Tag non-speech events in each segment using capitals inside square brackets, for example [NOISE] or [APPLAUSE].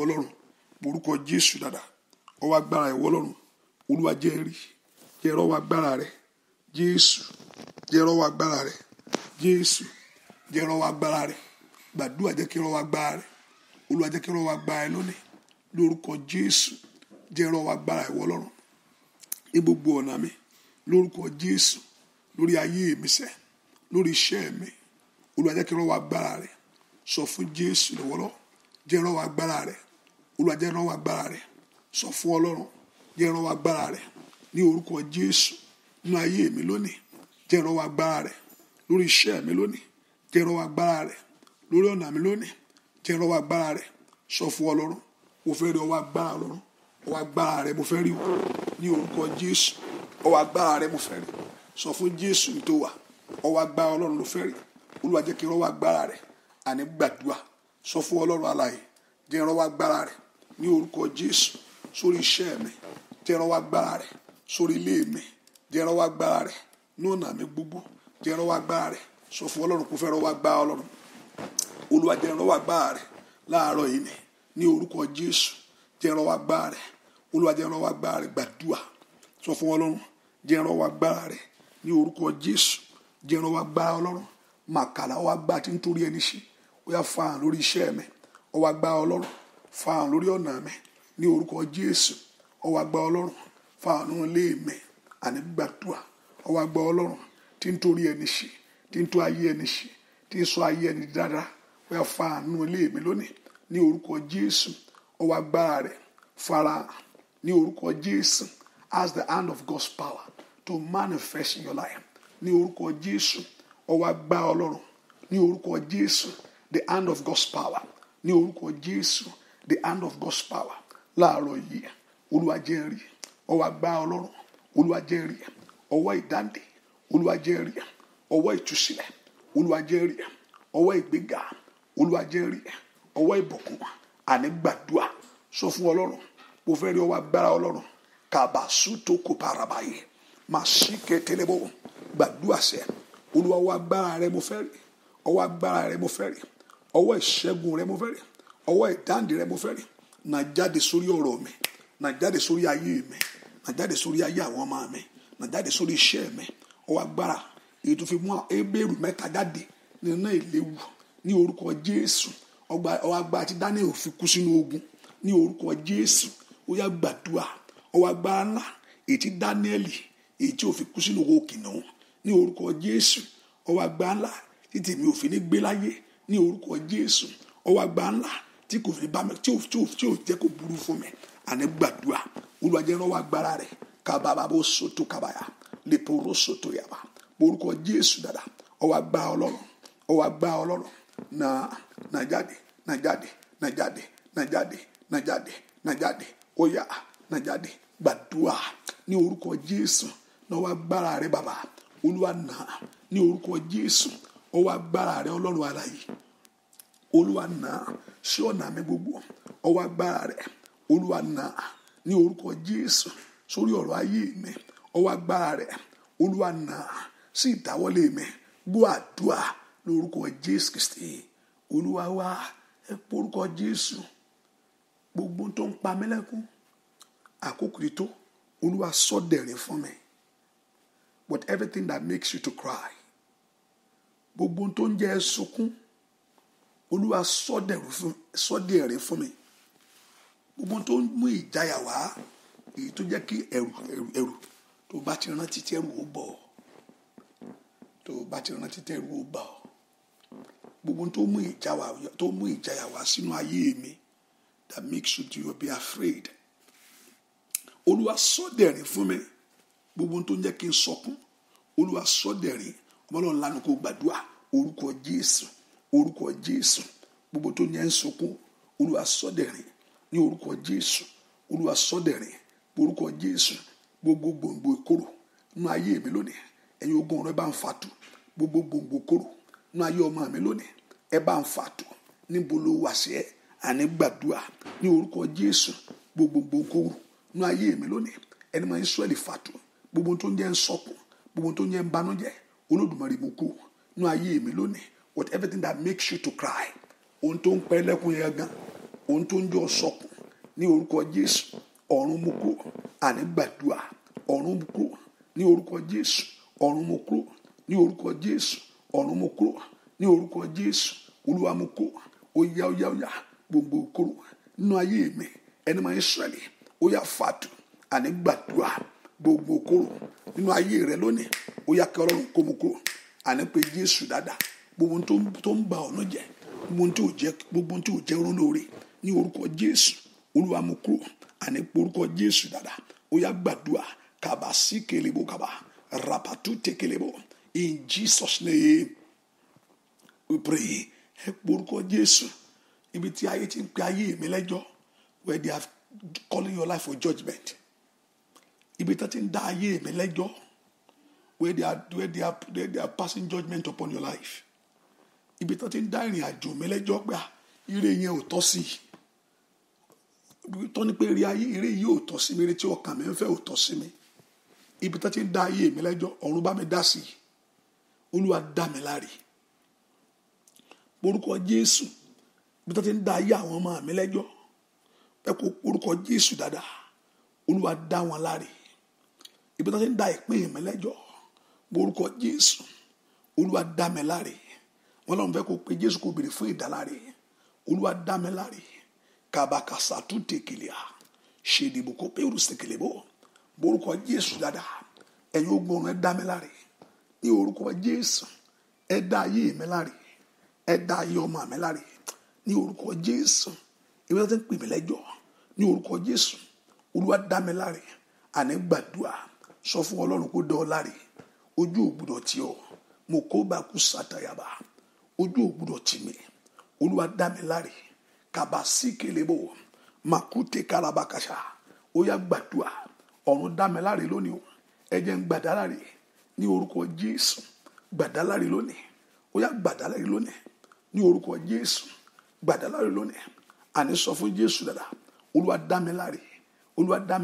ìwọ ọlọ́run borúkọ jésù dada ọwọ́ agbára ìwọ ọlọ́run olúwa jẹ́rìí jẹ́ rọ́wọ́ agbára rẹ jésù jẹ́ rọ́wọ́ agbára rẹ jésù jẹ́ rọ́wọ́ agbára rẹ gbàdúrà jẹ́ kí rọ́wọ́ agbára rẹ olúwa jẹ́ kí rọ́wọ́ agbára rẹ lónìí lórúkọ jésù jẹ́ rọ́wọ́ agbára ìwọ ọlọ́run ní gbogbo ọ̀nà mi lórúkọ jésù lórí ayé mi sẹ́ lórí iṣẹ́ mi olúwa jẹ́ kí rọ́wọ́ agbára rẹ sọ fún jésù lọ́wọ́lọ́ jẹ́ rọ́wọ́ agbára rẹ olùwàjẹ́ ràn wá agbára rẹ̀ sọ fún ọlọ́run jẹ́ ràn wá agbára rẹ̀ ní orúkọ jésù nínú ayé mi lónìí jẹ́ ràn wá agbára rẹ̀ lórí iṣẹ́ mi lónìí jẹ́ ràn wá agbára rẹ̀ lórí ọ̀nà mi lónìí jẹ́ ràn wa agbára rẹ̀ sọ fún ọlọ́run mo fẹ́ rí ọwọ́ agbára ọlọ́run ọwọ́ agbára rẹ̀ mo fẹ́ rí o ní orúkọ jésù ọwọ́ agbára rẹ̀ mo fẹ́ rí sọ fún jésù tó wà ọwọ́ agbára ọlọ́run ló fẹ́ rí olúwa kí n rọ́wọ́ agbára rẹ̀ àní gbàdúrà sọ fún ọlọ́run alààyè jẹ́ n rọ́wọ́ agbára rẹ̀ ní orúkọ jésù sórí iṣẹ́ mi tẹ̀rọ wá gbára rẹ̀ sórí ilé mi tẹ̀rọ wá gbára rẹ̀ ní ọ̀nà mi gbogbo tẹ̀rọ wá gbára rẹ̀ sọ fún ọlọ́run kò fẹ́ rọ wá gbá ọlọ́run olúwa tẹ̀rọ wá gbára rẹ̀ láàárọ̀ yìí ni ní orúkọ jésù tẹ̀rọ wá gbára rẹ̀ olúwa tẹ̀rọ wá gbára rẹ̀ gbàdúà sọ fún ọlọ́run tẹ̀rọ gbára rẹ̀ ní orúkọ jésù tẹ̀rọ gbá ọlọ́run màkàlà wá gbá tí nítorí ẹni ṣe ó yà fa lórí iṣẹ́ mi ọwọ́ gbá ọlọ́run fa àrùn lórí ọ̀nà mi ní orúkọ jésù ọwọ́ agbá ọlọ́run fa àrùn lé mi àní gbàdúrà ọwọ́ agbá ọlọ́run tí ń torí ẹni ṣe tí ń tó ayé ẹni ṣe tí ń sọ ayé ẹni dára ó yá fa àánú ilé mi lónìí ní orúkọ jésù ọwọ́ agbára rẹ̀ fara ní orúkọ jésù as the hand of God's power to manifest in your life ní orúkọ jésù ọwọ́ agbára ọlọ́run ní orúkọ jésù the hand of God's power ní orúkọ jésù the hand of God's power láàárọ̀ yìí olúwa jẹ́ n rí ọwọ́ agbá ọlọ́run olúwa jẹ́ n rí ọwọ́ ìdáǹdè olúwa jẹ́ n rí ọwọ́ ìtúsílẹ̀ olúwa jẹ́ n rí ọwọ́ ìgbéga olúwa jẹ́ n rí ọwọ́ ìbùkún àní gbàdúà sọ fún ọlọ́run mo fẹ́ rí ọwọ́ agbára ọlọ́run kàbàsú tó kò parabayé màá sí kẹtẹlẹbọ gbàdúà sẹ olúwa ọwọ́ agbára rẹ mo fẹ́ rí ọwọ́ agbára rẹ mo fẹ́ rí ọwọ́ ìṣẹ́gun rẹ mo fẹ́ rí ọwọ́ ìdáǹdè rẹ mo fẹ́ rí nà jáde sórí ọ̀rọ̀ mi na jáde sórí ayé mi na jáde sórí ayé àwọn ọmọ mi jáde sórí iṣẹ́ mi ọwọ́ agbára èyí tó fi mú ebéèrú mẹ́ta jáde nínú ìléwu ní orúkọ Daniel fi kú sínú ogun ní orúkọ Jésù ó yá gbàdúrà Daniel èyí tí fi kú sínú ní orúkọ Jésù ọwọ́ agbára ńlá títí mi ò fi tí kò fi bá mi tí ò tí ò tí ò jẹ́ kó burú fún mi àní gbàdúrà olùwàjẹ́rán wa gbára rẹ̀ kábàbà bó soto kábàyà lè poró soto yàrá orúkọ jésù dada ọwọ́ agbá ọlọ́run ọwọ́ agbá ọlọ́run na na jáde na jáde na jáde na jáde na jáde na jáde ó yá na jáde gbàdúrà ní orúkọ jésù lọ́wọ́ agbára rẹ bàbá olúwa nà ní orúkọ jésù ọwọ́ agbára rẹ ọlọ́run aláyé olúwa náà ṣí ọ̀nà mi gbogbo ọwọ́ agbára rẹ̀ olúwa náà ní orúkọ jésù sórí ọ̀rọ̀ ayé mi ọwọ́ agbára rẹ̀ olúwa náà sí ìdáwọ́lé mi gbọ́ àdúrà lórúkọ jésù kristi olúwa wa ẹ porúkọ jésù gbogbo tó ń pa mí àkókò yìí olúwa sọ fún mi but everything that makes you to cry gbogbo tó ń jẹ́ sunkún olúwa sọ́dẹ̀ rẹ̀ fún mi gbogbo tó ń mú ìjayà wá èyí tó jẹ́ kí ẹ̀rù ẹ̀rù ẹ̀rù tó bá ti rántí tí ẹ̀rù ó bọ̀ ọ́ tó bá ti rántí tí ẹ̀rù ó bà ọ́ gbogbo tó mú ìjayà wá sínú ayé mi that makes you to be afraid olúwa sọ́dẹ̀ rẹ̀ fún mi gbogbo tó ń jẹ́ kí n sọkún olúwa sọ́dẹ̀ rẹ̀ ọmọlọ́run lánàá kó gbàdúrà orúkọ jésù orúkọ jésù gbogbo tó ní ẹ ń sunkún olúwa sọdẹ̀rìn ní orúkọ jésù olúwa sọdẹ̀rìn orúkọ jésù gbogbo gbòǹgbò ìkorò nínú ayé mi lónìí ẹ̀yin ogun ọ̀rọ̀ ẹ bá ń fàtú gbogbo gbòǹgbò ìkorò nínú ayé ọmọ mi lónìí ẹ bá ń fàtú níbo ló wà sí ẹ àní gbàdúrà ní orúkọ jésù gbogbo gbòǹgbò ìkorò nínú ayé mi lónìí ẹni máa ń sọ ẹ̀lì gbogbo tó ń jẹ́ ń sọkún gbogbo tó ń jẹ́ ń banújẹ́ olódùmarè mú kú nínú ayé mi lónìí with everything that makes you to cry ohun tó ń pẹ́ lẹ́kùn yẹn gan ohun tó ń jọ sọkùn ní orúkọ jésù ọ̀run mú kúrò àní gbàdúrà ọ̀run mú kúrò ní orúkọ jésù ọ̀run mú kúrò ní orúkọ jésù ọ̀run mú kúrò ní orúkọ jésù olúwa mú kúrò ó yá ó yá ó yá gbogbo kúrò nínú ayé mi ẹni máa ń sọ̀rọ̀ ó yá fàtú àní gbàdúrà gbogbo kúrò nínú ayé rẹ lónìí ó yá kí ọlọ́run kó mú kúrò àní pé jésù dáadáa gbogbo tó ń ba ọ̀nà jẹ́ gbogbo tó jẹ́ ronlóore ní orúkọ jésù olúwa mú kúrò àní orúkọ jésù dáadáa ó yá kaba sí kelebo kaba rapatu te kelebo in jesus name we pray ẹ porúkọ jésù ibi tí ayé ti ń pe ayé mi lẹ́jọ́ where they are calling your life for judgment ibi tí wọ́n ti ń dá ayé mi lẹ́jọ́ where they are where they are where they are passing judgment upon your life ibi tó ti ń dá ìrìn àjò mi lẹ́jọ́ pé à ah, ire yẹn ò tọ́ sí i tó ní pé ire ayé ire yìí ò tọ́ sí mi ire tí ọkàn mi ń fẹ́ ò tọ́ sí mi ibi tó ti ń dá ayé mi lẹ́jọ́ ọ̀run bá mi dá sí i olúwa dá mi láre orúkọ jésù ibi tó ti ń dá ayé àwọn ọmọ mi lẹ́jọ́ ẹ kó orúkọ jésù dáadáa olúwa dá wọn láre ibi tó ti ń dá ìpín mi lẹ́jọ́ orúkọ jésù olúwa dá mi láre wọn lọ́n fẹ́ kó pe jésù kó béèrè fún ìdáláre olúwa dámẹ́láre kàbàkàsà tún tèkìlìà ṣe ìdìbò kó pé orúsì tèkìlẹ̀ bọ̀ borúkọ jésù dáadáa ẹ̀yin ogun ọ̀run ẹ̀ dámẹ́láre ní orúkọ jésù ẹ̀ dá ayé mi láre ẹ̀ dá ayé ọmọ mi láre ní orúkọ jésù ìwé tó ń pè mí lẹ́jọ́ ní orúkọ jésù olúwa dámẹ́láre àní gbàdúrà sọ fún ọlọ́run kó dán ọ láre ojú ògbúdọ̀ tí ọ mo kó bá kú sátayaba ojú ò gbúdọ̀ tì mí olúwa dá kaba sí makute karabakasa ó yá gbàdúrà ọ̀run dá mi láre lónìí o ẹ jẹ́ ń gbàdá láre ní orúkọ jésù gbàdá láre lónìí ó yá gbàdá láre lónìí ní orúkọ jésù gbàdá láre lónìí àní sọ fún jésù dada olúwa dá mi láre olúwa dá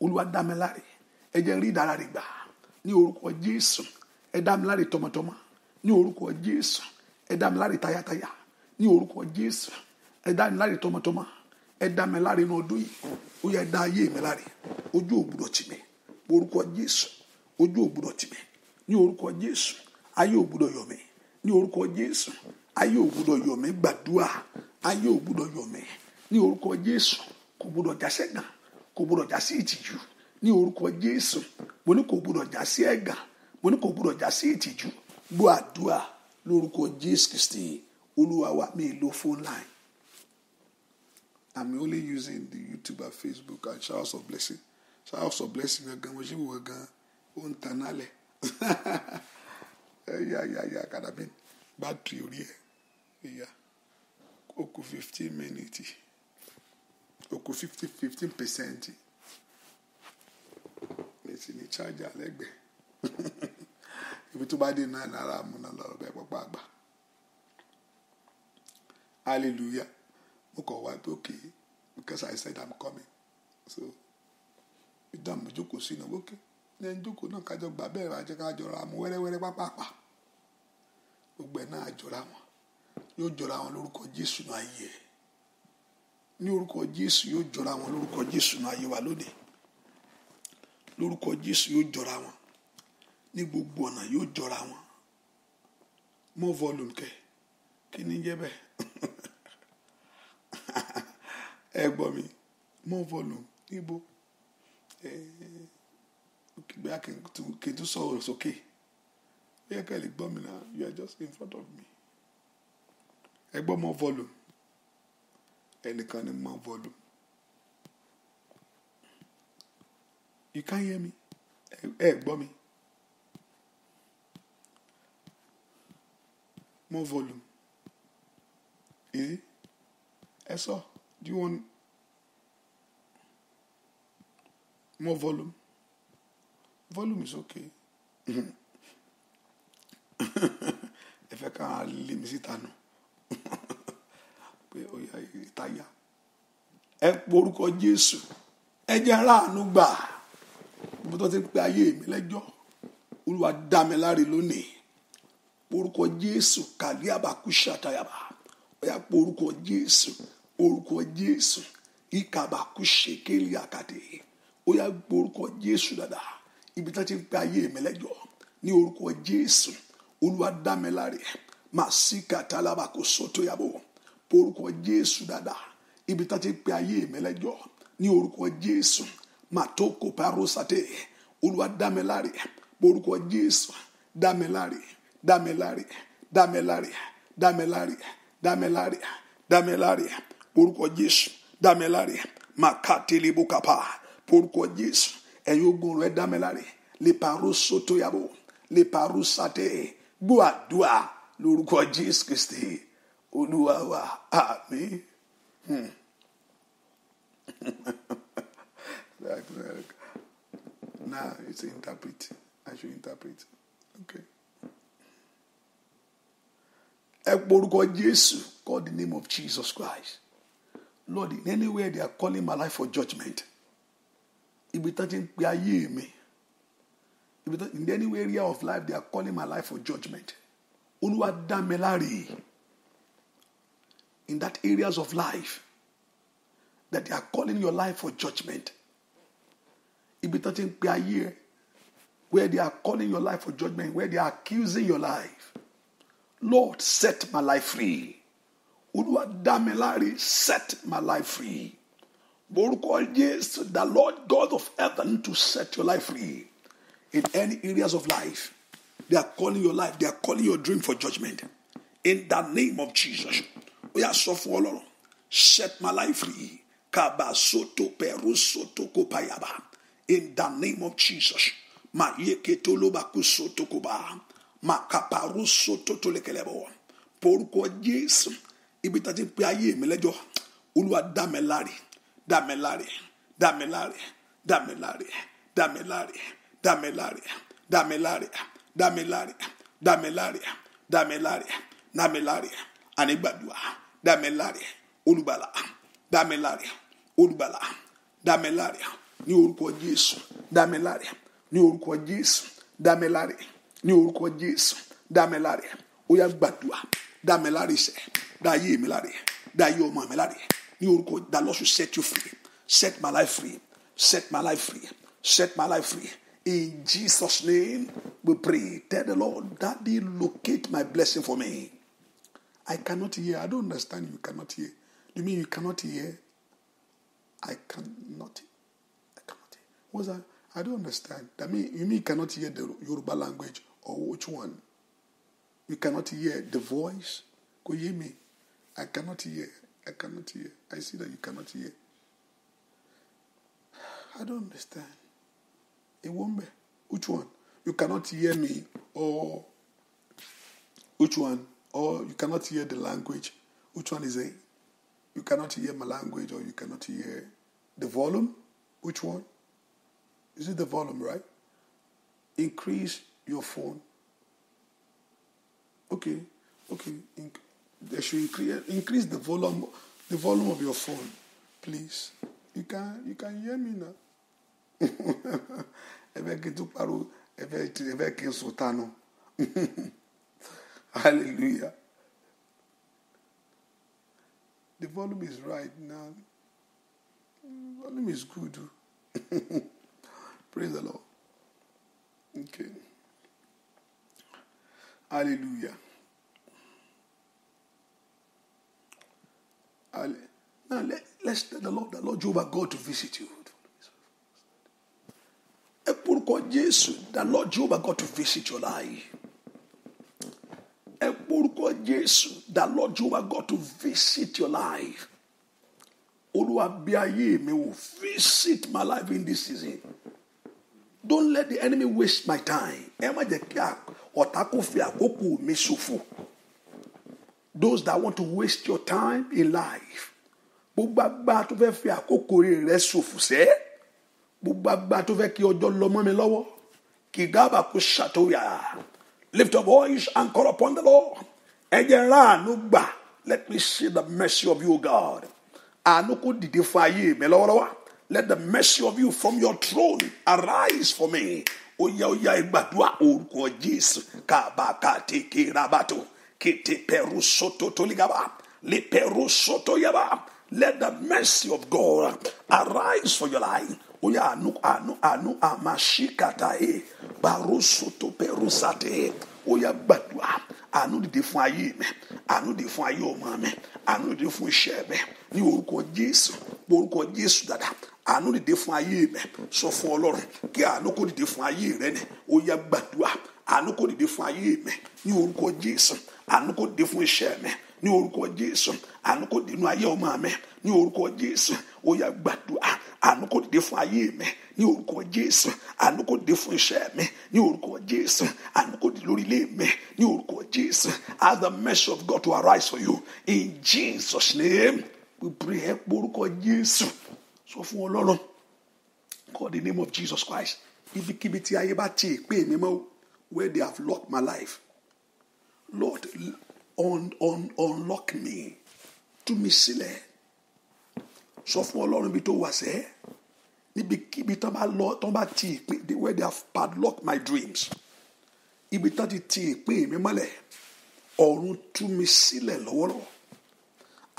olúwa dá mi ń rí dára rẹ̀ gbà ní orúkọ jésù ẹ dá tọmọtọmọ ní orúkọ jésù ẹ dá mi láre tayátayá ní orúkọ jésù ẹ dá mi láre tọmọtọmọ ẹ dá mi láre inú ọdún yìí ó yẹ dá ayé mi láre ojú ògbúdọ̀ tì mí orúkọ jésù ojú ògbúdọ̀ tì mí ní orúkọ jésù ayé ògbúdọ̀ yọ̀ mí ní orúkọ jésù ayé ògbúdọ̀ yọ̀ gbàdúrà ayé ògbúdọ̀ yọ̀ ní orúkọ jésù kò gbúdọ̀ jásẹ́ gan kò gbúdọ̀ jásí ìtìjú ní orúkọ jésù mo ní kò gbúdọ̀ jásí ẹ̀gàn mo ní kò gbúdọ̀ jásí ìtìjú gbọ́ àdúrà lórúkọ Jésù Kristi olúwa mi lo phone line i'm only using the YouTube and Facebook and showers of blessing showers of blessing gangan mo ṣe wò gangan ó ń tan nálẹ̀ ẹ̀yà ẹ̀yà ẹ̀yà kàdàbí bátìrì orí ẹ̀ ẹ̀yà ó kù fifteen minutes ó kù fifteen percent mi sì ní charger lẹ́gbẹ̀ẹ́. [LAUGHS] ibi tó bá dé náà náírà múná lọ́rọ̀ bẹ́ẹ̀ pọ́pọ́ àgbà hallelujah mo kàn wá pé okay because I said I'm coming so ìdààmú jókòó sínú òkè ní ẹni jókòó náà kájọ gbà bẹ́ẹ̀ rájọ kájọ ra mu wẹ́rẹ́wẹ́rẹ́ pápápá gbogbo ẹ̀ náà jọra wọn yóò jọra wọn lórúkọ Jésù náà ayé ẹ̀ ní orúkọ Jésù yóò jọra wọn lórúkọ Jésù náà ayé wa lónìí lórúkọ Jésù yóò jọra wọn ní gbogbo ọ̀nà yóò jọra wọn more volume kẹ kí ni jẹ́ bẹ́ẹ̀ [LAUGHS] ẹ gbọ́ mi more volume níbo bí a kì í tún sọ̀rọ̀ sókè bí ẹ kẹ́lẹ́ gbọ́ mi náà you are just in front of me ẹ gbọ́ more volume ẹnìkan ni more volume you can hear me ẹ gbọ́ mi. more volume. Eh? Esau, do you want more volume? Volume is okay. If [LAUGHS] fẹ́ ká lé mi síta nù. [LAUGHS] Pé ó yà ìtayà. Ẹ porúkọ Jésù. Ẹ jẹ́ aráàánú gbà. Gbogbo tó ti ń pe ayé mi lẹ́jọ́. Olúwa dá lónìí orúkọ jésù kàlíàbà kùsàtàyàbà ọ̀yà orúkọ jésù orúkọ jésù ìkàbà kùsèkèlì àkàdé ọ̀yà orúkọ jésù dada ibi tí wọ́n ti ń pe ayé ìmẹ́lẹ́jọ ní orúkọ jésù olúwa dámẹ́láre màá sí kàtàlábà kò sọ́tò yàbò orúkọ jésù dada ibi tí wọ́n ti ń pe ayé ìmẹ́lẹ́jọ ní orúkọ jésù màtókò parosate olúwa dámẹ́láre orúkọ jésù dámẹ́láre dame dame dame dame dámẹ́láre dámẹ́láre dámẹ́láre dámẹ́láre dámẹ́láre orúkọ jésù dámẹ́láre màkàtélébó kápá orúkọ jésù ẹ̀yin ogun rẹ̀ dámẹ́láre lèparó sótóyàbò lèparó sátẹ gbọ́ àdúrà lórúkọ jésù kristi olúwa wa àmín. Hmm. [LAUGHS] now it's interpret. I should interpret. Okay. ẹ call the name of Jesus Christ Lord in anywhere they are calling my life for judgment ibi tán touching ń pe in any area of life they are calling my life for judgment Olúwa dá in that areas of life that they are calling your life for judgment ibi tán touching ń where they are calling your life for judgment where they are accusing your life Lord, set my life free. Olúwa Damelari, set my life free. Borúkọ Jésù, the Lord God of heaven to set your life free in any areas of life. They are calling your life, they are calling your dream for judgment. In the name of Jesus. we are sọ fún set my life free. Kaba soto peru soto kopayaba. In the name of Jesus. Màyéke yeke tolo bá kú makaparuso tótólẹkẹlẹbọ porúkọ jésù ibi tá a ti pe ayé mi lẹ́jọ́ olúwa dámẹ́láre dámẹ́láre dámẹ́láre dámẹ́láre dámẹ́láre dámẹ́láre dámẹ́láre dámẹ́láre dámẹ́láre dámẹ́láre dámẹ́láre ànigbàdua dámẹ́láre olùgbàlà dámẹ́láre olùgbàlà dámẹ́láre ní orúkọ jésù dámẹ́láre ní orúkọ jésù dámẹ́láre. ní orúkọ jésù dámi láre ó yá gbàdúrà dámi láre iṣẹ dáyé mi láre dáyé ọmọ mi láre ní orúkọ that Lord should set you free set my life free set my life free set my life free in Jesus name we pray tell the Lord daddy locate my blessing for me I cannot hear I don't understand you cannot hear you mean you cannot hear I cannot I cannot hear what's that I don't understand that mean you mean you cannot hear the Yoruba language or which one? You cannot hear the voice. Go hear me. I cannot hear. I cannot hear. I see that you cannot hear. I don't understand. It won't be. Which one? You cannot hear me, or which one? Or you cannot hear the language. Which one is it? You cannot hear my language, or you cannot hear the volume. Which one? Is it the volume, right? Increase your phone. Okay, okay. In, they should increase, increase the volume, the volume of your phone, please. You can you can hear me now. [LAUGHS] [LAUGHS] Hallelujah. The volume is right now. The volume is good. [LAUGHS] Praise the Lord. Okay. Hallelujah. Now let, let's tell the Lord, the Lord Jehovah God to visit you. Ẹ porúkọ Jésù, the Lord Jehovah God to visit your life. Ẹ porúkọ Jésù, the Lord Jehovah God to visit your life. Oluwa bí me will visit my life in this season. Don't let the enemy waste my time. Ẹ de jẹ́ ọ̀tá kò mi ṣòfò those that want to waste your time in life gbogbo agbára tó fẹ́ fi àkókò rẹ ṣòfò sẹ́ gbogbo agbára tó fẹ́ kí ọjọ́ lọ mọ́ mi lọ́wọ́ kì gábà kó ṣàtòyà lift up voice and call upon the Lord ẹ jẹ́ gbà let me see the mercy of you God àánú kò dìde fún ayé mi lọ́wọ́lọ́wọ́ let the mercy of you from your throne arise for me. ó yá ó orúkọ jésù kábàkàtì kìrabàtò kìtì pẹ̀rù sọ́tò tólígàbà lè pẹ̀rù sọ́tò yàbà let the mercy of God arise for your life ó yá àánú àánú àánú àmàṣíkàtà sọ́tò pẹ̀rù sàtẹ̀. ó yá gbàdúrà àánú dìde fún ayé mi àánú dìde fún ayé ọmọ mi àánú dìde fún iṣẹ́ mi ní orúkọ Jésù orúkọ Jésù dada. àánú dìde fún ayé mi sọ fún Ọlọ́run kí àánú kó dìde fún ayé rẹ ni ó yá gbàdúrà àánú kó dìde fún ayé mi ní orúkọ Jésù àánú kó dìde fún iṣẹ́ mi ní orúkọ Jésù àánú kò dé inú ayé ọmọ mi ní orúkọ Jésù ó yá gbàdúrà àánú kò dé fún ayé mi ní orúkọ Jésù àánú kò dé fún iṣẹ́ mi ní orúkọ Jésù àánú kò dé lórí ilé mi ní orúkọ Jésù as the measure of God to arise for you in Jesus name we pray ẹ porúkọ Jésù sọ fún Ọlọ́run call the name of Jesus Christ ibikíbi tí ayé bá ti pè mí mọ́ where they have locked my life Lord un un unlock me. tú mi sílẹ̀ sọ fún ọlọ́run ibi tó wà sẹ́ níbikíbi tán bá lọ tán bá ti ìpín the way they have padlocked my dreams ibi tán ti ti ìpín mi mọ́lẹ̀ ọ̀run tú mi sílẹ̀ lọ́wọ́lọ́wọ́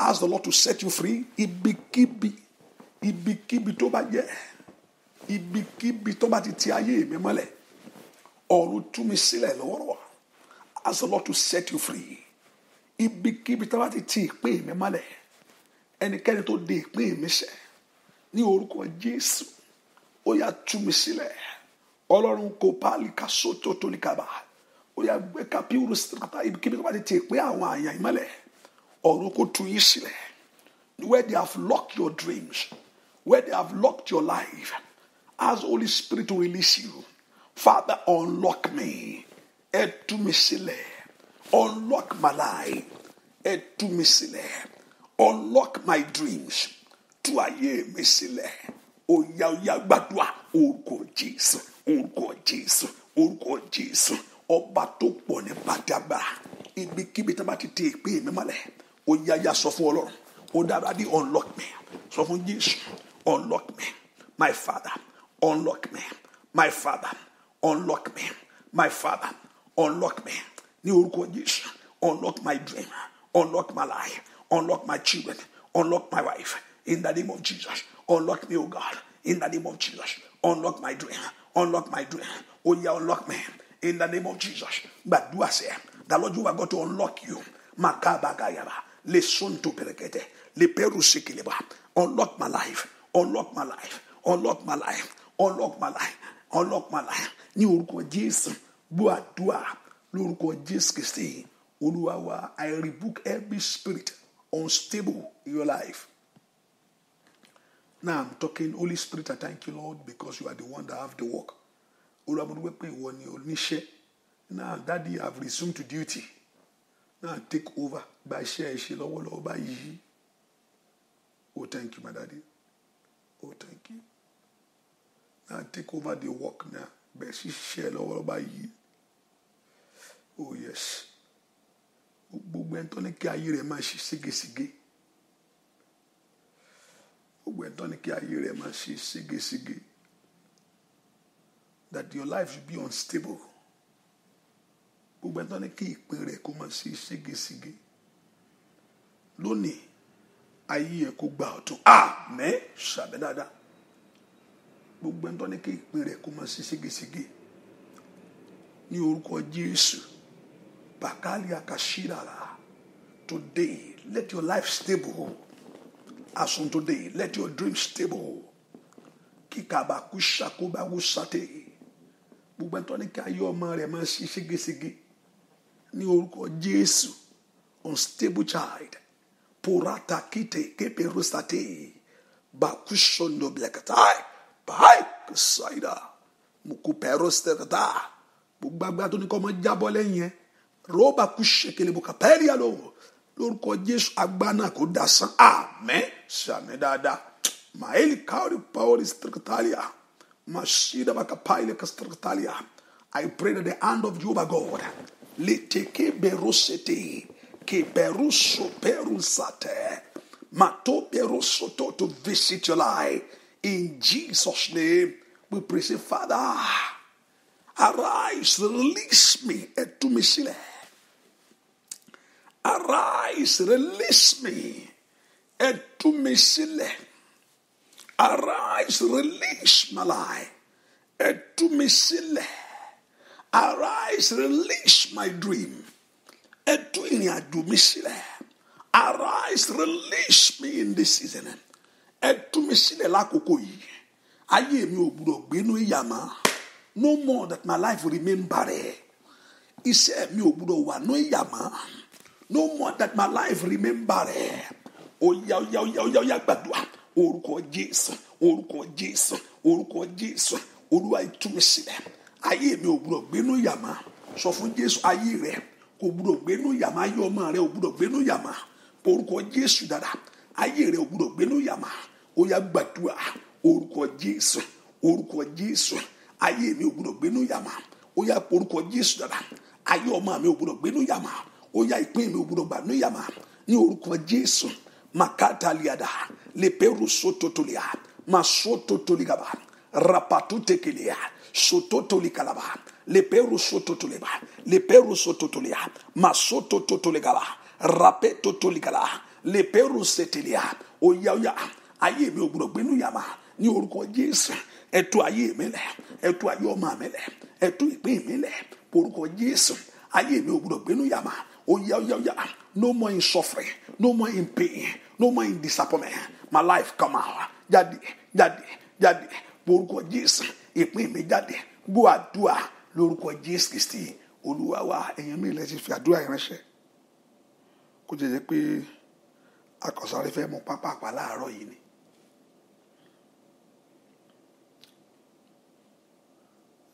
ask the Lord to set you free ibikíbi ibikíbi tó bá jẹ́ ibikíbi tó bá ti ti ayé mi mọ́lẹ̀ ọ̀run tú mi sílẹ̀ lọ́wọ́lọ́wọ́ ask the Lord to set you free. ibikíbi tí a bá ti ti ìpín mi mọ́lẹ̀ ẹnikẹ́ni tó de ìpín mi sẹ́ ní orúkọ Jésù ó yá tú mi sílẹ̀ ọlọ́run kò páálí ka sótó tó ní kaba ó yá gbé kapiru sítápá ibikíbi tí a bá ti ti ìpín àwọn àyàn ìmọ́lẹ̀ ọ̀run kò tú yín sílẹ̀ where they have locked your dreams where they have locked your life as Holy Spirit to release you Father unlock me ẹ tú mi sílẹ̀ Unlock my life. misile. Unlock my dreams. Tuaye misile. Oya oya gbàdúrà orúkọ Jésù orúkọ Jésù orúkọ Jésù ọba tó pọ̀ ní pàjágbà ibikíbi tí a bá ti tẹ ìpè mi mọ́lẹ̀ oya ya sọ fún Ọlọ́run ó dára dé unlock me sọ fún Jésù unlock me my father unlock me my father unlock me my father unlock me ní orúkọ Jésù unlock my dream unlock my life unlock my children unlock my wife in the name of Jesus unlock me o oh God in the name of Jesus unlock my dream unlock my dream ó yá unlock me in the name of Jesus But do I say, the Lord you Jehovah God to unlock you makabagayaba le sonto perekete le peru sekileba unlock my life unlock my life unlock my life unlock my life unlock my life ní orúkọ Jésù gbọ́ àdúrà lórúkọ Jésù Kristi olúwa I rebuke every spirit unstable in your life. Now I'm talking Holy Spirit I thank you Lord because you are the one that have the work. Olúwa pé ìwọ ni oníṣẹ́. Now daddy I have resumed to duty. Now take over gba iṣẹ́ ẹ ṣe lọ́wọ́lọ́wọ́ báyìí. Oh thank you my daddy. Oh thank you. Now take over the work now. Bẹ́ẹ̀ ṣiṣẹ́ lọ́wọ́lọ́wọ́ báyìí. oh yes gbogbo ẹni tó ní kí ayé rẹ̀ máa ṣe ségesège gbogbo ẹni tó ní kí ayé rẹ̀ máa ṣe ségesège that your life should be unstable gbogbo ẹni tó ní kí ìpín rẹ̀ kó máa ṣe ségesège lónìí ayé yẹn kó gba ọ̀tún àmín ṣàbẹ̀ dáadáa gbogbo ẹni tó ní kí ìpín rẹ̀ kó máa ṣe ségesège ní orúkọ Jésù. Bakalia Kashirala. Today, let your life stable. As on today, let your dream stable. Kikabakushakubausate. Gbogbo ẹni tó ní kí ayé ọmọ rẹ̀ máa ṣe ségesège ní unstable child poratakite keperosate bakushondoblekatai bai kusaida mukuperostekata gbogbo agbá tó ní kọ́ Bubabatuni jábọ́ lẹ́yìn nye. rọ́bà kú ṣèkèlè bò kàpẹ́ẹ́lì àlọ́ lórúkọ jésù agbára kò dasán àmín sàmì dáadáa maeli kaori paori strictalia mashida bakapaile strictalia I pray that the hand of Jehovah God liteke berosete ke beruso perusate mato beruso to to visit your life in Jesus name we pray say Father arise release me etumisile Arise, release me. And to me sile. Arise, release my life. Et tu me sile. Arise, release my dream. Et tu do me sile. Arise, release me in this season. And to me sile lákòókò yìí. Ayé mi obudo gbúdọ̀ gbénú No more that my life will remain barren. Iṣẹ́ mi obudo gbúdọ̀ wà ní no more that my life remember ẹ oya oya oya oya oya gbàdúrà orúkọ jésù orúkọ jésù orúkọ jésù olúwa ìtumọ̀ sílẹ̀ ayé mi ò gbúdọ̀ gbénú yàmá sọ fún jésù ayé rẹ kò gbúdọ̀ gbénú yàmá ayé ọmọ rẹ ò gbúdọ̀ gbénú yàmá orúkọ jésù dáadáa ayé rẹ ò gbúdọ̀ gbénú yàmá oya gbàdúrà orúkọ jésù orúkọ jésù ayé mi ò gbúdọ̀ gbénú yàmá oya orúkọ jésù dáadáa ayé ọmọ mi ò gbúdọ̀ gbénú yàmá ó yá ìpín mi ògbúdọ̀ gbà ní ìyàmà ní orúkọ jésù makataliada leperu sototolia masototoliaba rapatutekelea sototolikalaba leperu sototoleba leperu sototolia masotototolegaba rapetotolikala leperu setelia ó yá ó yá ayé mi ògbúdọ̀ gbénú ìyàmà ní orúkọ jésù ẹtú ayé mi lẹ ẹtú ayé ọmọ mi lẹ ẹtú ìpín mi lẹ orúkọ jésù ayé mi ògbúdọ̀ gbénú ìyàmà Oh, yeah, yeah, yeah. Ah, no more in suffering. No more in pain. No more in disappointment. My life come out. Jáde, jáde, jáde. Borúkọ Jésù, ìpín mi jáde. Gbọ́ àdúrà lórúkọ Jésù Kristi. Olúwa wa, you mi lè ti fi àdúrà ìránṣẹ́. Kó jẹ́ jẹ́ pé akọ̀sáré fẹ́ mọ Papa, àpá láàárọ̀ yìí ni.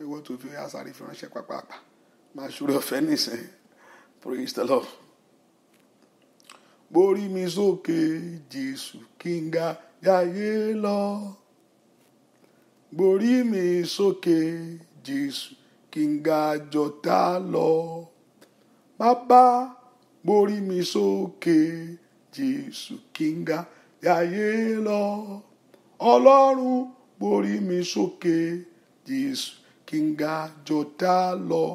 Ìwọ́n tó fi asáré fi ránṣẹ́ pápá àpá. Màá ṣúrẹ́ ọ̀fẹ́ nìsín praise the lord borí mi sókè jésù kí n ga yáyé lọ borí mi sókè jésù kí n ga jọta lọ bàbá borí mi sókè jésù kí n ga yáyé lọ ọlọ́run borí mi sókè jésù kí n ga jọta lọ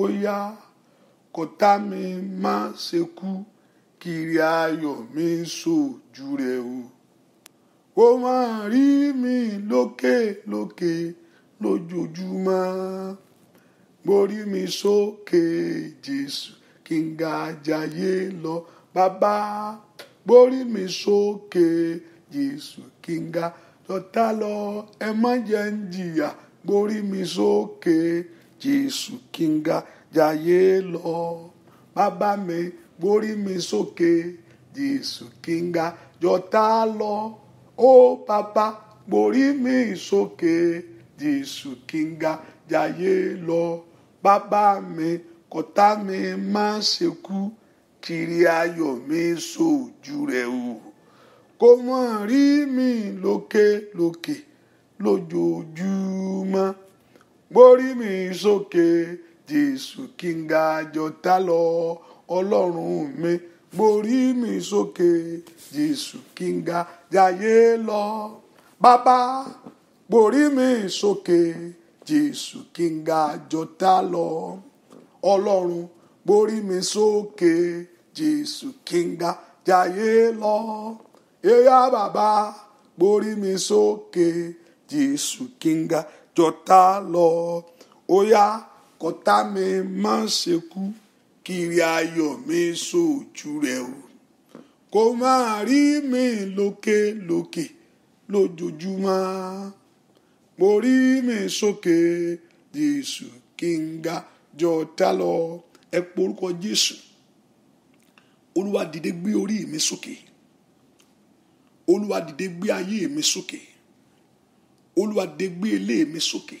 ó yá. Oh, yeah kò tá mi má ṣe kú kiri ayọ̀ mi ṣojú rẹ̀ o. ó máa rí mi lókè lókè lójoojúmọ́ borí mi sókè Jésù kí n ga jayé lọ bàbá borí mi sókè Jésù kí n ga lọ́tà lọ ẹ má jẹ́ ń jìyà borí mi sókè Jésù kí n ga jayé lọ bàbá mi gbórí mi sókè jésù kínga jọta lọ ó bàbá gbórí mi sókè jésù kínga jayé lọ bàbá mi kọ̀tá mi má ṣe kú kiri ayọ̀ mi sójú rẹ̀ o kò mọ̀ rí mi lókè lókè lójoojúmọ́ gbórí mi sókè. So jésù kí n ga jọta lọ ọlọ́run mi gborí mi sókè jésù kí n ga jayé lọ bàbá gborí mi sókè jésù kí n ga jọta lọ ọlọ́run gborí mi sókè jésù kí n ga jayé lọ ẹ̀yà bàbá gborí mi sókè jésù kí n ga jọta lọ ó yá kọ́tá mi má ṣekú kiri ayọ̀ mi sóòjú rẹ̀ o kó máa rí mi lókè lókè lójoojúmọ́ mo rí mi sókè Jésù kí n ga jọta lọ ẹ porúkọ Jésù Olúwa dìde gbé orí mi sókè Olúwa dìde gbé ayé mi sókè Olúwa dìde gbé ilé mi sókè.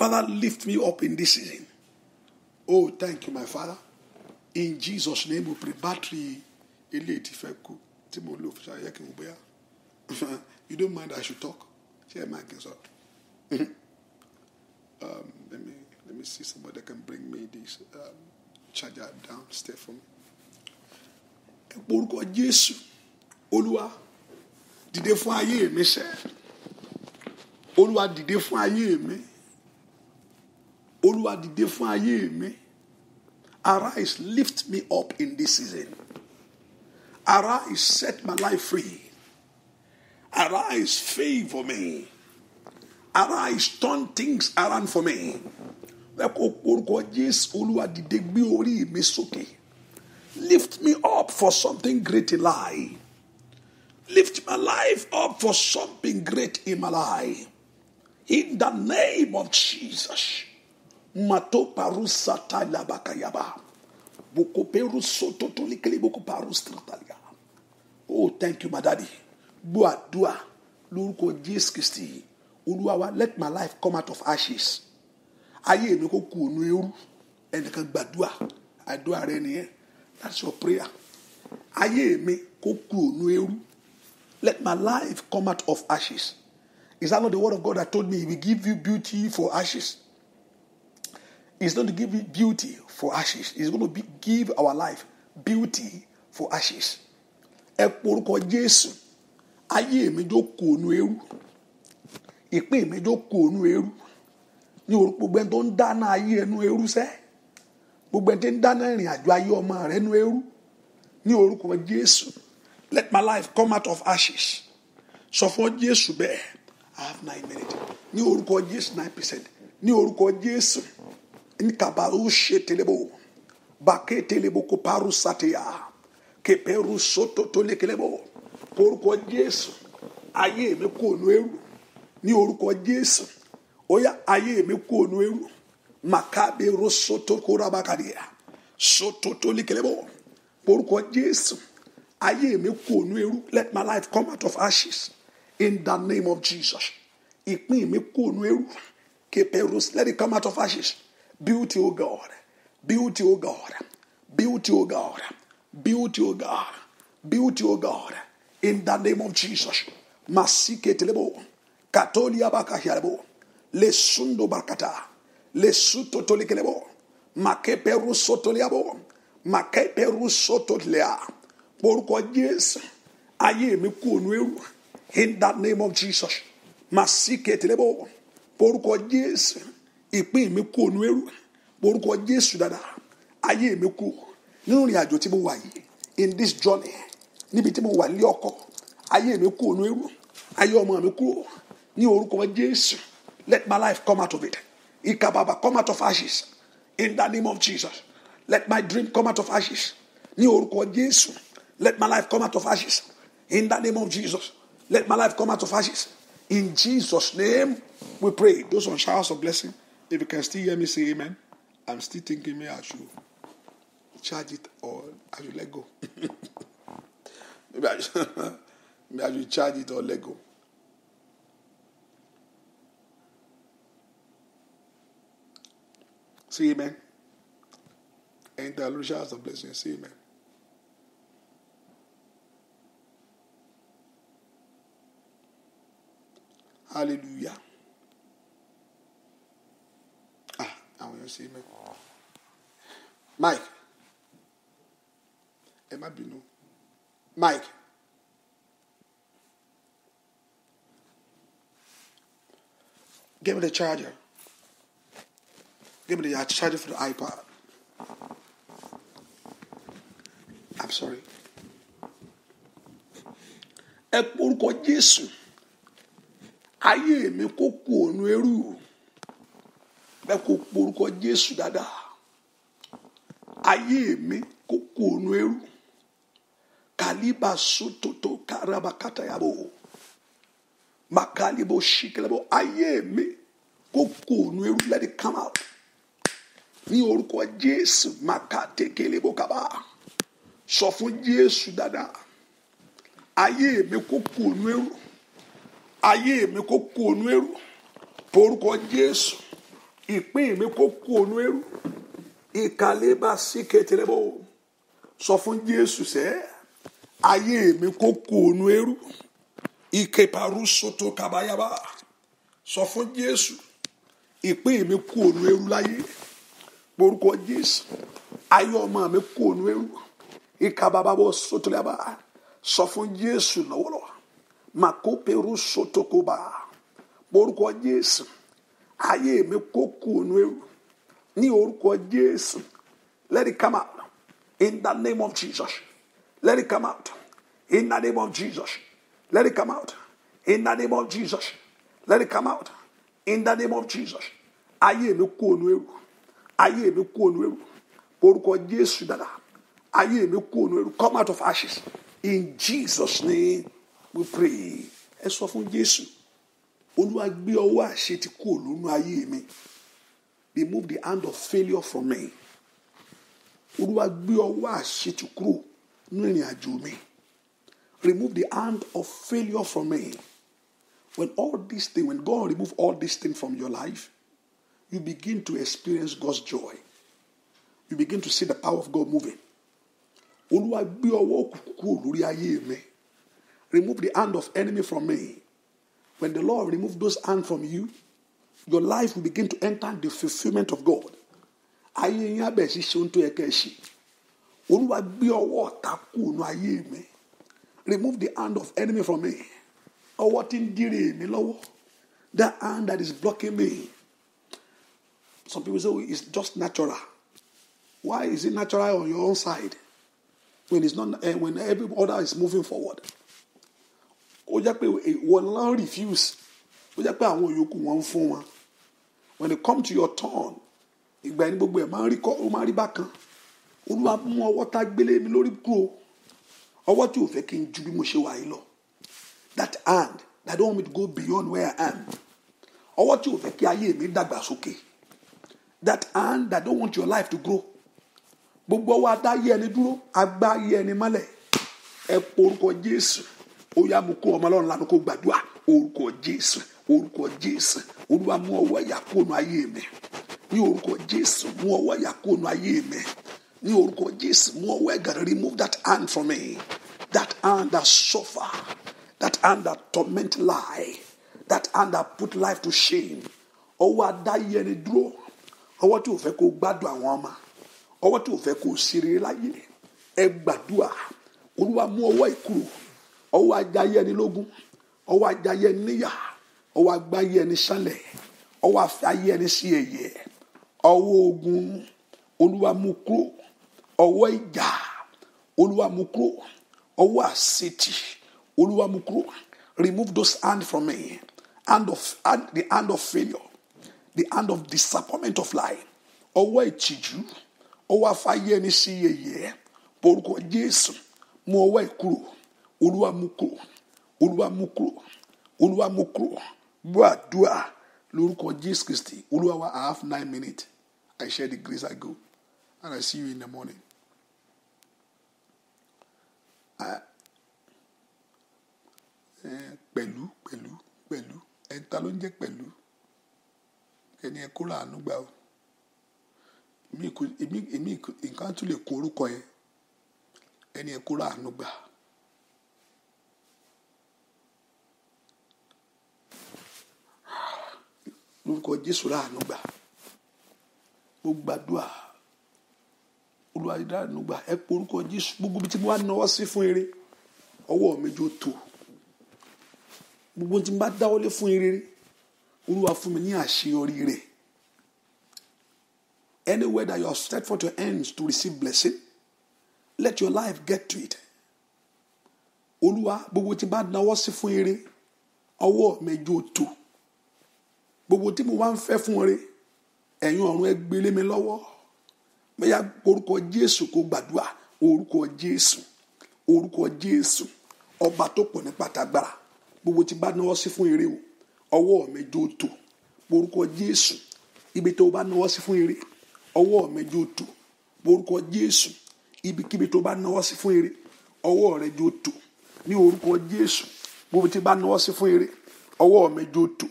Father, lift me up in this season. Oh, thank you, my Father. In Jesus' name, we pray. Battery, [LAUGHS] You don't mind I should talk? Ṣé my máa up. [LAUGHS] Um, let me let me see somebody that can bring me this um, charger Stay for me. Ẹ pé orúkọ Jésù Olúwa dìde fún ayé Olua, did they find you, ayé Olúwa dìde fún ayé mi. Arise, lift me up in this season. Arise, set my life free. Arise, favor me. Arise, turn things around for me. Orúkọ Jésù Olúwa dìde gbé orí Lift me up for something great in life. Lift my life up for something great in my life. In the name of Jesus. mato parusa tala bakayaba boko peru soto tolikele boko paru stratalia oh thank you my daddy gbọ́ àdúrà lórúkọ jesus Christ, olúwa wa let my life come out of ashes ayé mi kò kú ònú eérú ẹnìkan gbàdúrà àdúrà rẹ nìyẹn that's your prayer ayé mi kò kú ònú eérú let my life come out of ashes is that not the word of God that told me he will give you beauty for ashes. is going to give beauty for ashes. He's going to be, give our life beauty for ashes. Ẹ porúkọ Jésù, ayé mi jókòó nu eru ìpín mi jókòó nu eérú, ní orúkọ gbogbo ẹni tó ń dáná ayé ẹnu eérú sẹ́, gbogbo ẹni tó ń dáná ìrìn àjò ayé ọmọ rẹ nu eérú, ní orúkọ Jésù, let my life come out of ashes. Sọ fún Jésù bẹ́ẹ̀, I have nine minutes, ní orúkọ Jésù nine percent, ní orúkọ Jésù. Ikabarushe telebo. Bake telebo kuparu satea. Keperu soto tole kelebo. Orúkọ Jésù. Ayé mi kú ònú ẹrù. Ní orúkọ Jésù. Oya ayé mi kú ònú ẹrù. Makabe rosoto korabakadia. Soto tole kelebo. Orúkọ Jésù. Ayé mi kú ònú ẹrù. Let my life come out of ashes. In the name of Jesus. Ìpín mi kú ònú ẹrù. Keperus. Let it come out of ashes. Beauty, O God. Beauty, O God. Beauty, O God. Beauty, O God. Beauty, O God. In the name of Jesus. Masike telebo. Katolia bakahiarebo. Lesundo barkata. Lesuto tolikelebo. Makeperu sotoliabo. Makeperu sotolia. Porúkọ Jésù. Ayé mi kú ònú In the name of Jesus. Masike telebo. Porúkọ Jésù ìpín mi kú ònú ẹrú orúkọ Jésù dáadáa ayé mi kú nínú ìrìn àjò tí mo wà yìí in this journey níbi tí mo wà nílé ọkọ ayé mi kú ònú ẹrú ayé ọmọ mi kú ní orúkọ Jésù let my life come out of it ìkàbàbà come out of ashes in the name of Jesus let my dream come out of ashes ní orúkọ Jésù let my life come out of ashes in the name of Jesus let my life come out of ashes in Jesus name we pray those on showers of blessing. If you can still hear me say amen, I'm still thinking May I should charge it or I should let go. [LAUGHS] maybe, I should, [LAUGHS] maybe I should charge it or let go. Say amen. And the Lord showers of blessing. Say amen. Hallelujah. see me. Mike. might be bínú. Mike. Give me the charger. Give me the charger for the iPod. I'm sorry. Ẹ porúkọ Jésù. Ayé mi kó kú ẹrú. fẹ́ kó porúkọ Jésù dáadáa ayé mi kó kú ònú ẹrú kàlíbà sótótó káraba kàtàyàbò màkàlíbò síkìlẹ̀bò ayé mi kó kú ònú ẹrú let it come out ní orúkọ Jésù màkàtẹ́kẹ́lẹ́bò kaba sọ fún Jésù dáadáa ayé mi kó kú ònú ẹrú ayé mi kó kú ònú ẹrú porúkọ Jésù ìpín mi kó kú ònú ẹrú ìkàlẹ́ bá sí kékeré bó sọ fún Jésù sẹ́ ayé mi kó kú ònú ẹrú ìkẹparú soto kabayaba sọ fún Jésù ìpín mi kú ònú ẹrú láyé orúkọ Jésù ayé ọmọ mi kú ònú ẹrú ìkàbàbàbọ soto yaba sọ fún Jésù lọ́wọ́lọ́wọ́ màkóperu sotokoba orúkọ Jésù ayé mi kó kú ònú ẹrù ní orúkọ Jésù let it come out in the name of Jesus let it come out in the name of Jesus let it come out in the name of Jesus let it come out in the name of Jesus ayé mi kú ònú ẹrù ayé mi kú ònú ẹrù orúkọ Jésù dada ayé mi kú ònú come out of ashes in Jesus name we pray ẹ sọ fún Jésù. olúwa gbé ọwọ́ àṣetì kúrò lónú ayé mi remove the hand of failure from me olúwa gbé ọwọ́ àṣetì kúrò ni ìrìn àjò mi remove the hand of failure from me when all these things when God remove all these things from your life you begin to experience God's joy you begin to see the power of God moving olúwa gbé ọwọ́ òkùnkùn kúrò ayé mi remove the hand of enemy from me. When the Lord remove those hands from you, your life will begin to enter the fulfillment of God. tó remove the hand of enemy from me that hand that is blocking me some people say it's just natural why is it natural on your own side when it's not eh, when every other is moving forward. kó jẹ́ pé wọn náà refuse kó jẹ́ pé àwọn yòókù wọn ń fún wọn when it come to your turn ìgbà ẹni gbogbo ẹ̀ máa ń rí kọ́ ó máa ń rí bákan olúwa mú ọwọ́ tá gbélé mi lórí kúrò ọwọ́ tí ò fẹ́ kí n ju bí mo ṣe wà yìí lọ that hand that don't want me to go beyond where I am ọwọ́ tí ò fẹ́ kí ayé mi dàgbà sókè that hand that don't want your life to grow gbogbo ọwọ́ adáyé ẹni dúró agbáyé ẹni mọ́lẹ̀ ẹ porúkọ Jésù ó yá mu kó ọmọ ọlọ́run lánàá kó gbàdúrà orúkọ jésù orúkọ jésù olúwa mú ọwọ́ ìyà kóònù ayé mi ní orúkọ jésù mú ọwọ́ ìyà kóònù ayé mi ní orúkọ jésù mú ọwọ́ ẹ̀gàn remove that hand from me that hand that suffer that hand that torment lie that hand that put life to shame ọwọ́ adáyé ẹni dúró ọwọ́ tí o fẹ́ kó gbádùn àwọn ọmọ ọwọ́ tí o fẹ́ kó ṣeré láyé ẹ gbàdúrà olúwa mú ọwọ́ ìkúrò ọwọ́ ajayé ẹni lógún ọwọ́ ajayé ẹni níyà ọwọ́ agbáyé ẹni sánlẹ̀ ọwọ́ afẹ́ayé ẹni sí ẹ̀yẹ ọwọ́ ogun olúwa mú kúrò ọwọ́ ìjà olúwa mú kúrò ọwọ́ àṣetì olúwa remove those hand from me hand of hand, the hand of failure the hand of disappointment of life ọwọ́ ìtìjú ọwọ́ afáyé ẹni sí ẹ̀yẹ orúkọ jésù mú ọwọ́ ìkúrò olúwa mú kúrò olúwa mú kúrò olúwa mú kúrò gbọ́ àdúrà lórúkọ jesus christy olúwa wa i have nine minutes i share the grace i go and i see you in the morning. Eh, pẹ̀lú pẹ̀lú pẹ̀lú ẹ̀ta ló ń jẹ́ pẹ̀lú ẹni ẹ kó láàánú gbà o èmi nǹkan tún lè kó orúkọ yẹn ẹni ẹ kó láàánú gbà o. lórúkọ jésù láàánú gbà mo gbàdúrà olúwa láàánú gbà ẹ pé orúkọ jésù gbogbo tí mo bá náwó sí fún eré ọwọ́ mi jó tó gbogbo tí mo bá dáwọ́lé fún eré olúwa fún mi ní àṣeyọrí rẹ̀ anywhere that you have set forth your hands to receive blessing let your life get to it olúwa gbogbo tí mo bá náwó sí fún eré ọwọ́ mi jó tó gbogbo tí mo wá ń fẹ́ fún rẹ ẹ̀yin ọ̀run ẹ gbé lé mi lọ́wọ́ bóyá orúkọ jésù kò gbàdúrà orúkọ jésù orúkọ jésù ọba tó pọ̀ ní pàtàgbára gbogbo tí bá náwó sí fún eré o ọwọ́ mi jó tó orúkọ jésù ibi tó bá náwó sí fún eré ọwọ́ mi jó tó orúkọ jésù ibikíbi tó bá náwó sí fún eré ọwọ́ rẹ jó tó ní orúkọ jésù gbogbo tí bá náwó sí fún eré ọwọ́ mi jó tó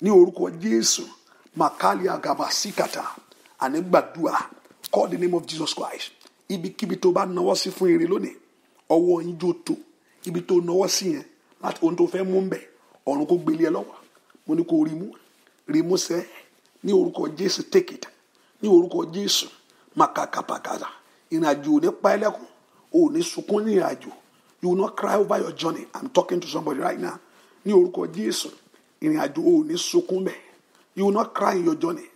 ní orúkọ jésù makali agabasikata àní gbàdúrà call the name of jesus christ ibikíbi tó bá náwó sí fún ire lónìí ọwọ́ yín jó tó ibi tó náwó sí yẹn láti ohun tó fẹ́ mú mbẹ̀ ọ̀run kó gbélé ẹ lọ́wọ́ mo ní kó rí mú rí mú sẹ́ ní orúkọ jésù take it ní orúkọ jésù makakapakaza ìrìnàjò ò ní pa ẹlẹ́kùn ò ní sunkún ní ìrìnàjò you will not cry over your journey i'm talking to somebody right now ní orúkọ jésù ìrìn àjò ò ní sunkún bẹ́ẹ̀ you will not cry in your journey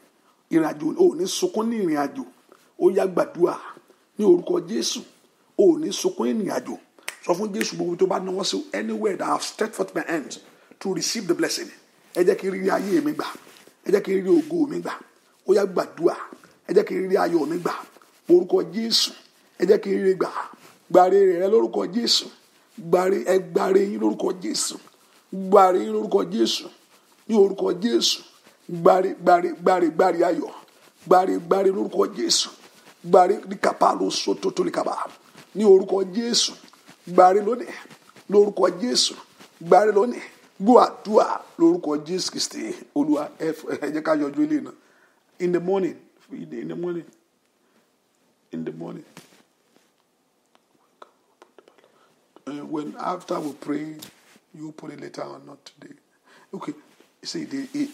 ìrìn àjò ò ní sunkún ní ìrìn àjò ó yá gbàdúrà ní orúkọ Jésù ò ní sunkún ìrìn àjò sọ fún Jésù gbogbo tó bá náwó sí anywhere that I have stretched forth my hand to receive the blessing ẹ jẹ́ kí n rírí ayé mi gbà ẹ jẹ́ kí n rírí ògo mi gbà ó yá gbàdúrà ẹ jẹ́ kí n rírí ayọ̀ mi gbà orúkọ Jésù ẹ jẹ́ kí n rírí gbà gbàre rẹ lórúkọ Jésù gbàre ẹ gbàre yín lórúkọ Jésù gbàre lórúkọ jésù ní orúkọ jésù gbàre gbàre gbàre gbàre ayọ̀ gbàre gbàre lórúkọ jésù gbàre níkàpá ló so tótó níkàpá ní orúkọ jésù gbàre lónìí lórúkọ jésù gbàre lónìí gbọ́ àdúrà lórúkọ jésù kristi olúwa ẹ ká yọjú ilé náà in the morning in the morning in the morning. Uh, when after we pray You put it later on, not today. Okay, see, the, the,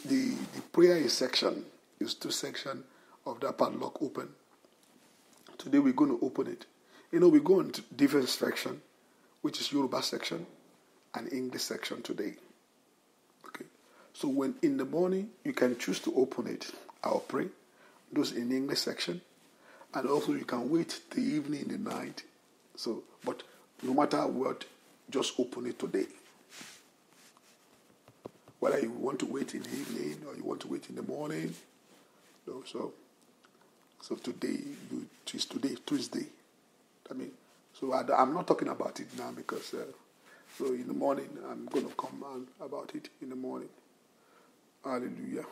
the prayer is section, is two section of that padlock open. Today we're going to open it. You know, we go into different section, which is Yoruba section and English section today. Okay, so when in the morning you can choose to open it, I'll pray. Those in English section, and also you can wait the evening, the night. So, but no matter what, just open it today whether you want to wait in the evening or you want to wait in the morning. You know, so, so today, you, it's today, Tuesday. I mean, so I, am not talking about it now because, uh, so in the morning, I'm going to come on about it in the morning. Hallelujah.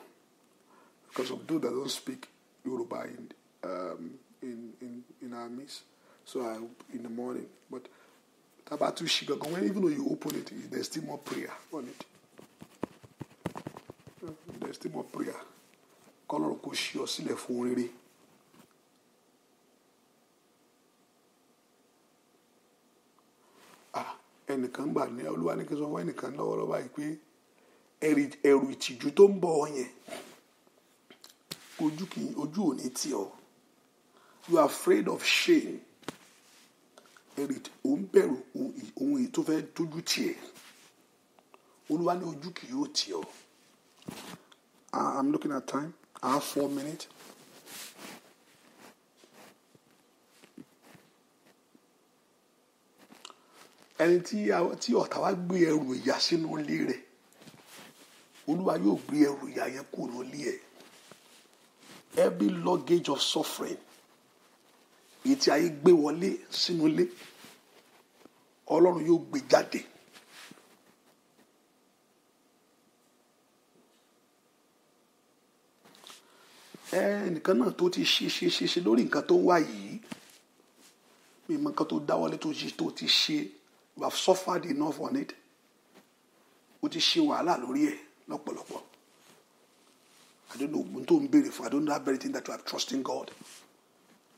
Because of those that don't speak Yoruba in, um, in, in, in our midst. So I, in the morning, but about Shigagon, even though you open it, there's still more prayer on it. testimony of prayer kọ́lọ́run kò ṣí ọ sílẹ̀ fún rere. ẹnìkan gbà ní olúwa ní kí n sọ fún ẹnìkan lọ́wọ́lọ́wọ́ báyìí pé ẹ̀rù ìtìjú tó ń bọ̀ ọ yẹn ojú kì í ojú ò ní tì ọ́ you are afraid of shame ẹ̀rù ò ń bẹ̀rù ohun tó fẹ́ tójú tì ẹ́ olúwa ní ojú kì yóò tì ọ́ I'm looking at time. I have four minutes. ẹni tí ọ̀tá wa gbé ẹrù ìyà sínú ilé rẹ̀ olúwa yóò gbé ẹrù ìyà yẹn kúrò ẹ̀ every luggage of suffering it's tí ayé gbé wọlé sínú ilé ọlọ́run yóò gbé jáde. ẹnìkan náà tó ti ṣe ṣe ṣe ṣe lórí nǹkan tó ń wá yìí mi mọ nǹkan tó dáwọ́lé tó ṣe tó ti ṣe you have suffered enough on it o ti ṣe wàhálà lórí ẹ̀ lọ́pọ̀lọpọ̀ I don't know ogun tó ń béèrè fún I don't know that very thing that you have trusting God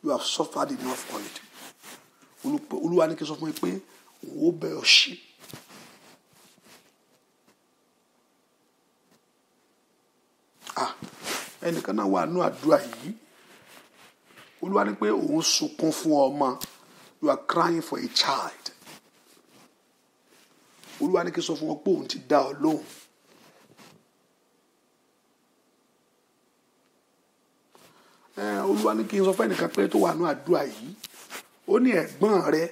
you have suffered enough on it olúwa ní kí n sọ fún mi pé òun ó bẹ̀ ọ́ ṣí. ah ẹnìkan náà wà nínú àdúrà yìí olúwa ní pé òun sunkún fún ọmọ you are crying for a child olúwa ní kí sọ fún wọn pé òun ti dá ọ lóhùn olúwa ní kí n sọ fún ẹnìkan pé tó wà nínú àdúrà yìí ó ní ẹ̀gbọ́n rẹ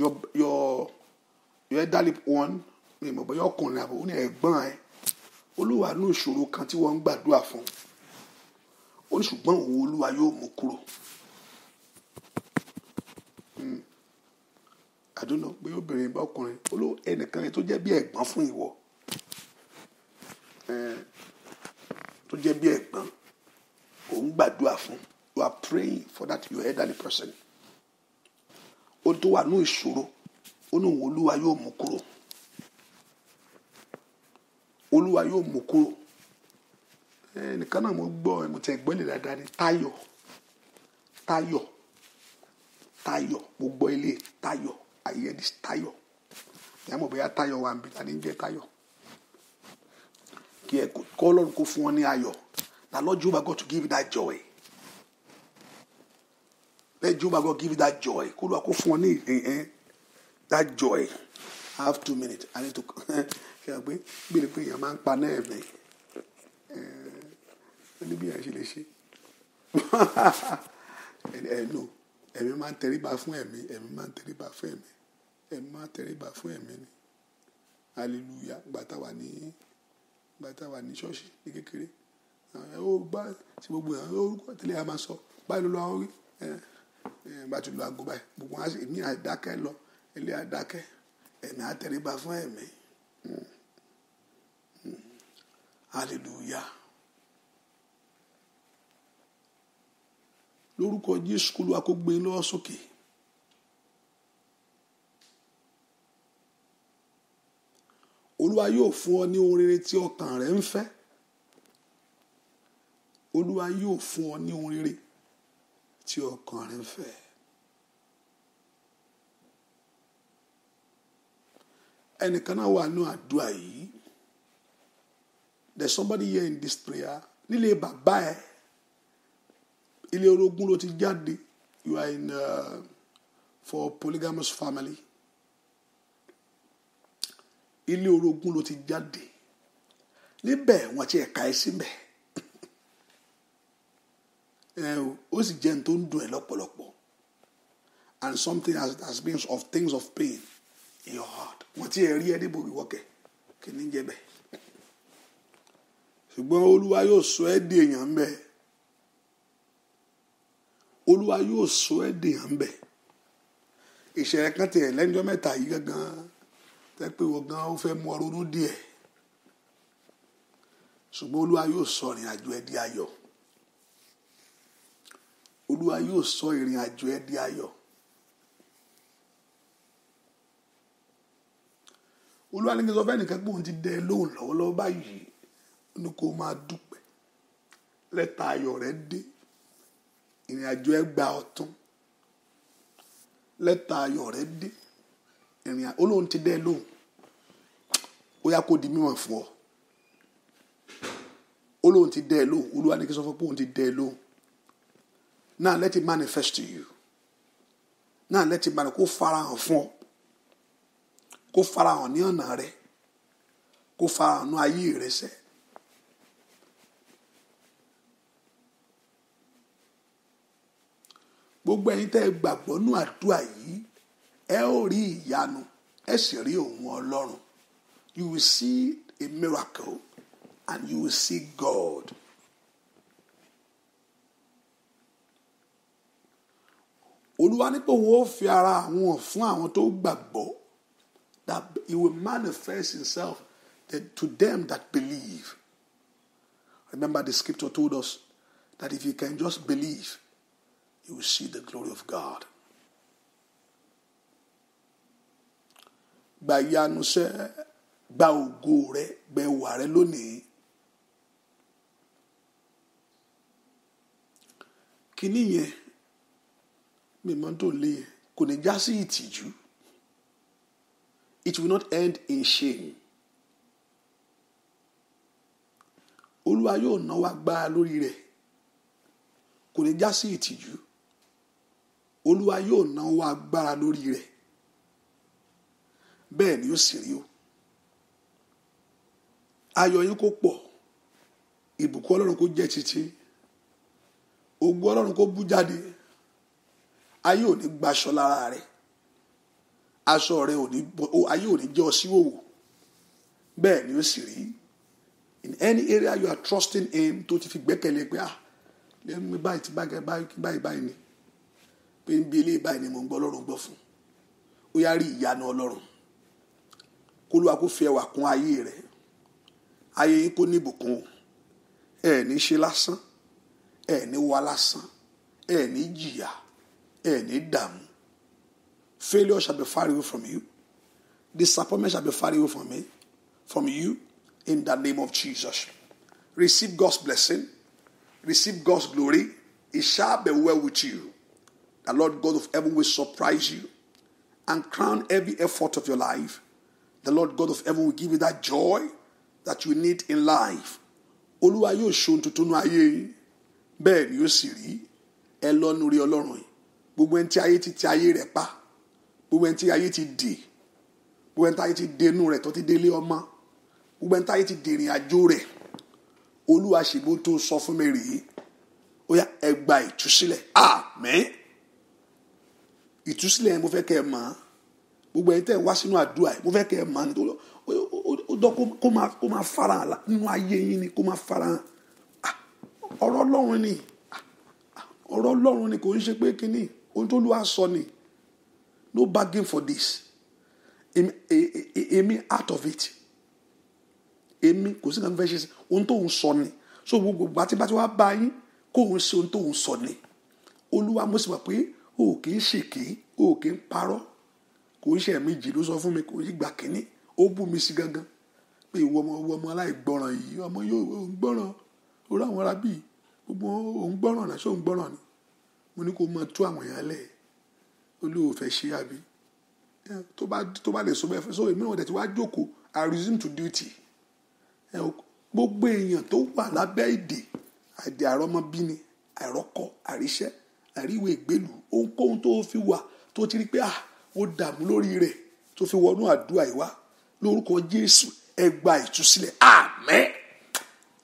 your your your elderly mi ò mọ̀ bóyá ọkùnrin àbò ó ní ẹ̀gbọ́n ẹ olúwa ní ìṣòro kan tí wọ́n ń gbàdúrà fún un ó ní ṣùgbọ́n òun olúwa yóò mú kúrò àdúnà hmm. pé obìnrin bá ọkùnrin olú ẹnìkan tó jẹ́ bí ẹ̀gbọ́n fún ìwọ tó jẹ́ bí ẹ̀gbọ́n òun gbàdúrà fún you are praying for that your elderly person ó tó wà ní ìṣòro ó ní òun olúwa yóò mú kúrò olúwa yóò mú kúrò ẹnìkan náà mo gbọ́ ẹ̀ mo ti gbọ́ ilé dáadáa ní Táyọ̀ Táyọ̀ Táyọ̀ mo gbọ́ ilé Táyọ̀ ayédi Táyọ̀ ìyá mo bóyá Táyọ̀ wà níbi tani ń jẹ́ Táyọ̀ kí ẹ kọ́ ọlọ́run kó fún ọ ní ayọ̀ na Lord Jehovah God to give you that joy let Jehovah God give you that joy kó lóra kó fún ọ ní eh, eh, that joy I have two minutes I need to ṣe àgbẹ̀ gbèrè pé èèyàn máa ń pa náà ẹ̀mí ní bí yẹn ṣe lè ṣe [LAUGHS] ẹnu ẹ̀mí máa ń tẹríba fún ẹ̀mí ẹ̀mí máa ń tẹríba fún ẹ̀mí ẹ̀mí máa ń tẹríba fún ẹ̀mí ni hallelujah gbàtà wà ní gbàtà wà ní ṣọ́ọ̀ṣì ní kékeré ó gbá sí gbogbo àwọn orúkọ tẹ́lẹ̀ a máa sọ báyìí ló lọ àwọn orí bá ti lo aago báyìí gbogbo wọn èmi àdákẹ́ lọ ilé àdákẹ́ ẹ̀mí àtẹríba fún ẹ̀mí hmm. Hmm. hallelujah. lórúkọ Jésù kó lóa kó gbé sókè. Olúwa yóò fún ọ ní ohun rere tí ọkàn rẹ ń fẹ́ Olúwa yóò fún ọ ní ohun rere tí ọkàn rẹ ń fẹ́. ẹnìkan náà wà nínú àdúrà yìí there's somebody here in this prayer nílé bàbá ẹ. E ilé orogún ló ti jáde you are in uh, for polygamous family ilé orogún ló ti jáde níbẹ̀ wọ́n ti ẹ̀ka ẹ síbẹ̀ [LAUGHS] ó sì jẹ́ ní tó ń dùn ẹ́ lọ́pọ̀lọpọ̀ and something has, has been of things of pain in your heart wọ́n ti ẹ̀ rí ẹ níbo ìwọ́kẹ̀ kì í ní jẹ́ bẹ́ẹ̀ ṣùgbọ́n olúwa yóò sọ ẹ́ di èèyàn bẹ́ẹ̀ olúwa yóò sọ ẹ́ dèèyàn ń bẹ̀ ìṣẹ̀lẹ̀ kan tiẹ̀ lẹ́njọ́ mẹ́ta yìí gangan tẹ́ pé wọ́n gan ó fẹ́ mú ọ ronú díẹ̀ ṣùgbọ́n olúwa yóò sọ ìrìn àjò ẹ di ayọ̀ olúwa yóò sọ ìrìn àjò ẹ di ayọ̀ olúwa ní kí n sọ fẹ́ nìkan pé òun ti dẹ lóhùn lọ́wọ́lọ́wọ́ báyìí ó ní kó máa dúpẹ́ lẹ́tà ayọ̀ rẹ dé ìrìn àjò ẹgbà ọ̀tún lẹ́tà ayọ̀ rẹ dé ìrìn àjò olóhùn ti dẹ́ lóhùn ó yá kó di mímọ̀ fún ọ olóhùn ti dẹ́ lóhùn olúwa ní kí sọ fún pé òun ti dẹ́ lóhùn now let it manifest to you now let it manifest kó farahàn fún ọ kó farahàn ní ọ̀nà rẹ kó farahàn ní ayé rẹ sẹ́ẹ̀. gbogbo ẹ̀yin tẹ́ ẹ gbàgbọ́ nú àdúrà yìí ẹ ó rí ìyanu ẹ sì rí òun ọlọ́run you will see a miracle and you will see God. olúwa ní pé òun ó fi ara àwọn fún àwọn tó gbàgbọ́ that he will manifest himself to them that believe. Remember the scripture told us that if you can just believe, you will see the glory of God. Gba ìyanu sẹ́, gba ògo rẹ, gba ẹwà rẹ lónìí. Kìíní yẹn, mi máa ń tó lé yẹn, kò ní já sí ìtìjú. It will not end in shame. Olúwa yóò náwó agbára lórí rẹ̀ kò ní já sí ìtìjú olúwa yóò na ọwọ́ agbára lórí rẹ̀ bẹ́ẹ̀ ni ó sì rí o ayọ̀ yín kó pọ̀ ìbùkún ọlọ́run kó jẹ́ títí ògo ọlọ́run kó bú jáde ayé ò gbaṣọ lára rẹ̀ aṣọ rẹ̀ ò ní ayé ò ní jẹ́ ọ ni ó sì rí in any area you are trusting in tó ti fi gbẹ́kẹ̀lé pé ah lẹ́nu mi báyìí ti báyìí báyìí báyìí ni pé ń bí ilé báyìí ni mò ń gbọ́ ọlọ́run gbọ́ fún ó yá rí ìyanu ọlọ́run kó ló wa kó fi ẹwà kún ayé rẹ ayé yín kó níbùkún ẹ ní ṣe lásán ẹ ní wá lásán ẹ ní jìyà ẹ ní dààmú failure shall be far away from you disappointment shall be far away from me from you in the name of Jesus receive God's blessing receive God's glory it shall be well with you. The Lord God of heaven will surprise you and crown every effort of your life. The Lord God of heaven will give you that joy that you need in life. Olúwa yóò ṣohun tuntun ní ayé yìí bẹ́ẹ̀ ni ó sì rí ẹ lọ́nu rí ọlọ́run yìí gbogbo ẹni tí ayé ti ti ayé rẹ̀ pa gbogbo ẹni tí ayé ti dè gbogbo ẹni tí ayé ti denú rẹ̀ tó ti délé ọmọ gbogbo ẹni tí ayé ti dèrìn àjò rẹ̀ olúwa ṣègbó tó sọ fún mi rèé ìtúsílẹ̀ àmín. Ah, ìtúsílẹ̀ mo fẹ́ kẹ́ ẹ mọ̀ gbogbo ẹni tẹ́ ẹ wá sínú àdúrà mo fẹ́ kẹ́ ẹ mọ̀ nítorí ó dọ́ kó máa fara hàn nínú ayé yín ni kó máa fara hàn ah, ọ̀rọ̀ ọlọ́run ni ah, ah, ọ̀rọ̀ ọlọ́run ni kò ń ṣe pé kínní ohun tó lù á sọ ni no bargain for this èmi out of it èmi kò sí kan fẹ́ ṣe ohun tó ń sọ ni so gbogbo àti bá ti wá bá yín kó ń ṣe ohun tó ń sọ ni olúwa mo sì mọ̀ pé o kì í ṣèké o kì í parọ́ kò ń ṣe ẹ̀mí jì ló sọ fún mi kò yí gbà kínní ó bú mi sí gangan pé ìwọ ọmọ ìwọ ọmọ aláìgbọràn yìí ọmọ yóò ń gbọràn orí àwọn ará bíi gbogbo ò gbọràn náà ṣé ò gbọràn ni mo ní kó máa tú àwọn èèyàn lẹ̀ olóòfẹ́ ṣe àbí tó bá lè so bẹ́ẹ̀ fẹ́ so èmi náà tẹ̀síwá jókòó I resume to duty gbogbo èèyàn tó wà lábẹ́ ìdè àdè àrọ́mọbí ni àìrọ́kọ àríṣẹ́ àríwé ìgbélu ohunkóhun tó fi wà tó ti rí pé ah ó dààmú lórí rẹ̀ tó fi wọnú àdúrà ìwá lórúkọ Jésù ẹ gba ìtúsílẹ̀ àmín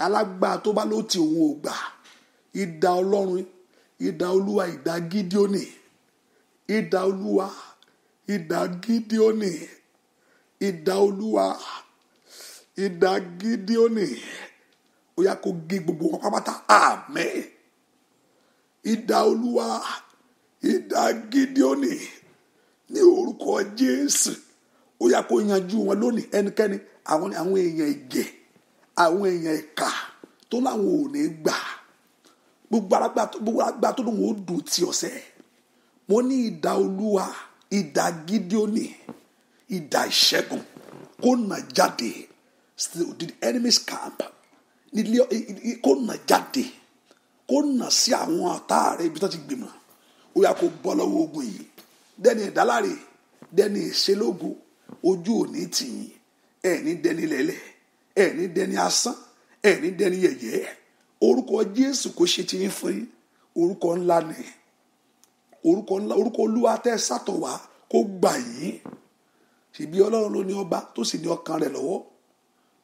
alágbá tó bá ló ti òun ò gbà idà Ọlọ́run idà Olúwa idà Gídíónì idà Olúwa idà Gídíónì idà Olúwa idà Gídíónì ó yá kó gé gbogbo wọn pápátá àmín idà olúwa idà gídíọ́nì ní orúkọ jésù ó yá kó yanjú wọn lónìí ẹnikẹ́ni àwọn èèyàn ìjẹ́ àwọn èèyàn ìkà tó láwọn ò ní gbà gbogbo agbá tó lóun ó dùn tí ọ̀sẹ̀ mo ní idà olúwa idà gídíọ́nì idà ìṣẹ́gun kó nà jáde still did enemies camp kó nà jáde kó nà sí àwọn ọ̀tá rẹ ibi tó ti gbìmọ̀ ó yà kó bọ́ lọ́wọ́ ogun yìí dẹ́ni ìdáláre dẹ́ni ìṣelógo ojú òní tìyìn ẹ̀ẹ́ni dẹ́ni lẹ́lẹ̀ ẹ̀ẹ́ni dẹ́ni asán ẹ̀ẹ́ni dẹ́ni yẹ̀yẹ́ orúkọ Jésù kò ṣe ti ń fún yín orúkọ ńlá ni orúkọ ńlá orúkọ Olúwa tẹ́ sátọ̀ wá kó gbà yín ṣèbí Ọlọ́run ló ní ọba tó sì ní ọkàn rẹ̀ lọ́wọ́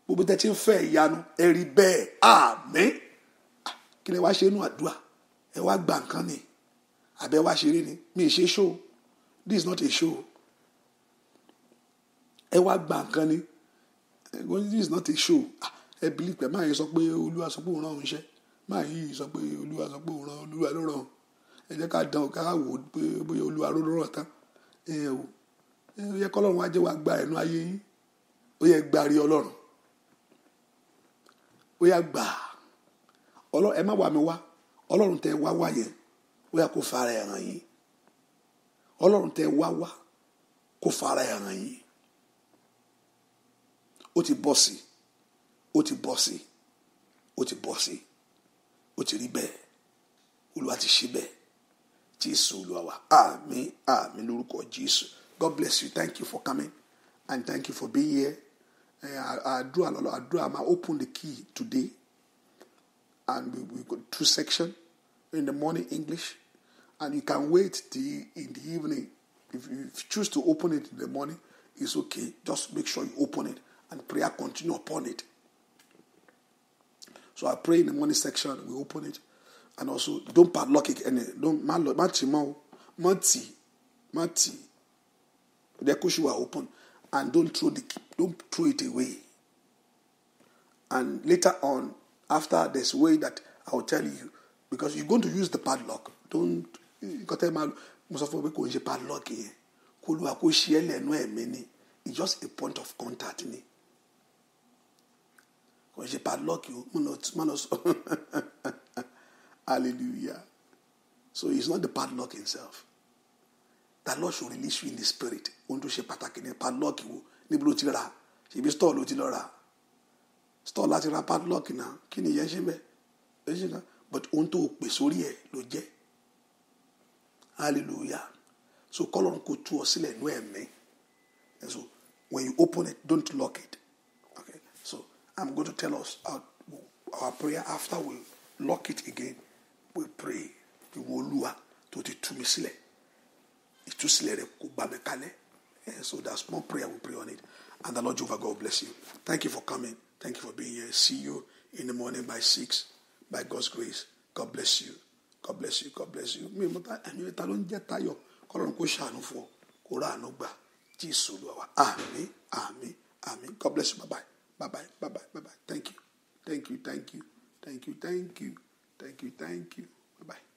gbogbo tẹ́ ti ń fẹ́ ìyanu ẹ̀rí bẹ́ẹ̀ àmín. Ah, kí lẹ wá ṣe nínú àdúrà ẹ wá gba nǹkan ni àbẹ wá ṣeré ni mi ì ṣe show this is not a show ẹ wá gba nǹkan ni this is not a show ah, ẹ bìlí pẹ máa yìí sọ pé olúwa sọ pé òun rán òun ṣẹ máa yìí sọ pé olúwa sọ pé òun rán olúwa ló rán ẹ jẹ́ ká dán ká wò ó pé bóyá olúwa ló rán tán ẹ ò ó yẹ kọ́lọ́run wá jẹ́ wá gba ẹnu ayé yín ó yẹ gbàrí ọlọ́run ó yẹ gbàá ọlọ́run ẹ má wà mí wá ọlọ́run tẹ wá wá yẹn ó yẹ kó fara ẹ̀ hàn yín ọlọ́run tẹ wá wá kó fara ẹ̀ hàn yín ó ti bọ́ sí ó ti bọ́ sí ó ti bọ́ sí ó ti rí bẹ́ẹ̀ olúwa ti ṣe bẹ́ẹ̀ jésù olúwa wa àmín àmín lórúkọ jésù god bless you thank you for coming and thank you for being here I do, àdúrà I do. máa open the key today. and we, we got two section in the morning English, and you can wait the in the evening. If you choose to open it in the morning, it's okay. Just make sure you open it and prayer continue upon it. So I pray in the morning section, we open it, and also don't padlock it any. Don't mati mati mati. The cushion are open, and don't throw the don't throw it away. And later on, after this way that I'll tell you. Because you're going to use the padlock. Don't you tẹ́ máa mo sọ fún mi pé kò ń padlock it's just a point of contact ni kò ń ṣe padlock sọ [LAUGHS] hallelujah so it's not the padlock itself. The Lord should release you in the spirit ohun tó ṣe pàtàkì ni padlock wo ló ti store láti ra padlock náà kí ni ìyẹn ṣe mẹ́ ẹ ṣe but ohun tó pè sórí ẹ̀ ló jẹ́ hallelujah so kọ́lọ́run kò tú ọ sílẹ̀ and so when you open it don't lock it okay so i'm going to tell us our, our prayer after we lock it again we pray ìwọ olúwa tó ti tú mi sílẹ̀ ìtúsílẹ̀ rẹ kò mí kalẹ̀ so that's one prayer we pray on it and the lord jehovah god bless you thank you for coming. Thank you for being here. See you in the morning by 6 by God's grace. God bless you. God bless you. God bless you. Mi mo ta ẹ̀mí ta ló ń jẹ́ tayọ̀ kọ́lọ́run kó ṣàánú fún Amen. Amen. Amen. God bless you. Bye bye. Bye bye. Bye bye. Bye bye. Thank you. Thank you. Thank you. Thank you. Thank you. Thank you. Thank you. Bye bye.